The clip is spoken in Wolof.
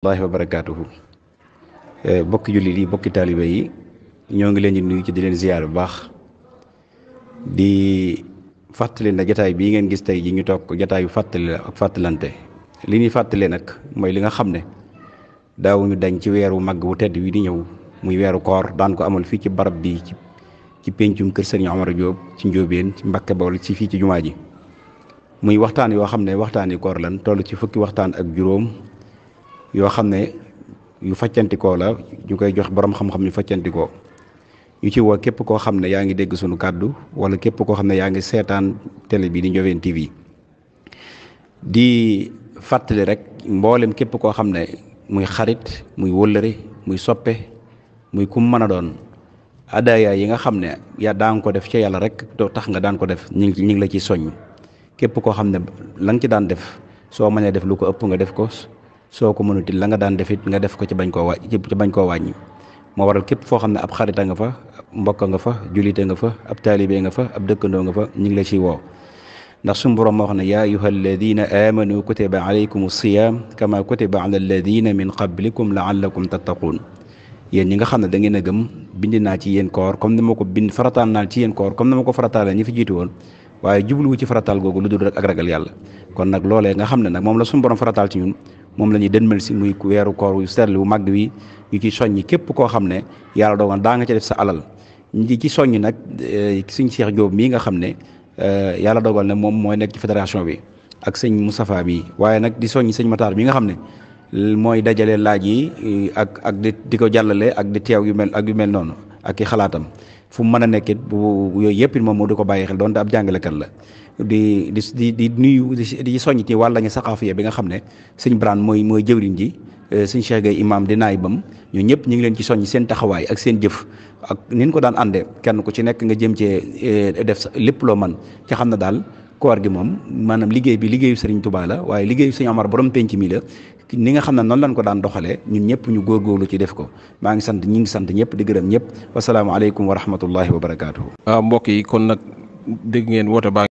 wallaahi wa barakaatuhu eh, bokki jullit yi bokki taalibe yi ñoo ngi leen di nuyu ci di leen ziyaar bu baax di fàttali na jataay bii ngeen gis tey ji ñu toog ko jataayu fàttali la ak fàttalante li ñuy fàttalee nag mooy li nga xam ne daawuñu dañ ci weeru màgg wu tedd wi di ñëw muy weeru koor daan ko amal fii ci barab bi ci ci péncum kër Serigne Omar Diop ci Njóobeen ci Mbàkke Bawol ci fii ci jumaa ji muy waxtaan yoo xam ne waxtaani koor lan toll ci fukki waxtaan ak juróom yoo xam ne yu faccantikoo la ñu koy jox borom xam-xam yu faccantikoo ñu ci woo képp koo xam ne yaa ngi dégg sunu kàddu wala képp koo xam ne yaa ngi seetaan tele bii di Ndiovène TV di fàttali rek mboolem képp koo xam ne muy xarit muy wëllëre muy soppe muy kum mën a doon adaya yi nga xam ne yaa daan ko def ca yàlla rek tax nga daan ko def ñu ngi ñu ngi la ci soññ képp koo xam ne la nga ci daan def soo mënee def lu ko ëpp nga def ko soo ko mënuti la nga daan def nga def ko ci bañ koo wàññi ci bañ koo wàññi waral képp foo xam ne ab xarita nga fa mbokk nga fa julite nga fa ab taalibe nga fa ab dëkkandoo nga fa ñu ngi la ciy woo ndax suñu borom moo wax ne yaa ayuha alladina amanu kutiba alaykum siyam kama kutiba ala alladina min qablikum laallakum nga xam ne da ngeen a gëm bindi naa ci yéen koor comme ni ma ko bind farataan naa ci yéen comme ma ko farataale ñi fi jiitu woon waaye jubluwu ci farataal googu lu dul rek ak ragal yàlla kon nag loolee nga xam ne nag moom la suñu borom farataal ci ñun moom la ñuy dënmal si muy weeru koor yu sell wu màgg wi yu ci yi képp koo xam ne yàlla dogal daa nga ca def sa alal ñi ci soññi nag eh, suñ Cheikh Diop mii nga xam ne eh, yàlla dogal ne moom mooy nekk ci fédération bi ak sëñ Moustapha bi waaye nag di soññi sëñ Matar mi nga xam ne mooy dajalee laaj yi eh, ak ak di di ko jàllale ak di teew yu mel ak yu mel noonu ak i xalaatam fu mën a nekkit bu yooyu yëpp moom moo di ko bàyyi xel doon ab jàngalekat la di di di di nuyu di soññ ci wàlla nga saxaafiya bi nga xam ne sëñ Birane mooy mooy jëwriñ ji euh, sëñ Cheikh Gueye imam di naay bam ñu ñëpp ñu ngi leen ci soññ seen taxawaay ak seen jëf ak nin ko daan àndee kenn ku ci nekk nga jëm cee euh, def lépp loo man ci xam na daal koor gi moom maanaam liggéey bi liggéeyu sëriñ Tuubaa waaye liggéeyu sëriñ Omar borom penc mi la ni nga xam ne noonu lañ ko daan doxalee ñun ñëpp ñu góorgóorlu ci def ko maa ngi sant ñi ngi sant ñëpp di gërëm ñëpp wasalaamaaleykum wa rahmatullahi wa barakaatu. Ah, mbokk yi kon nag dégg ngeen woote baa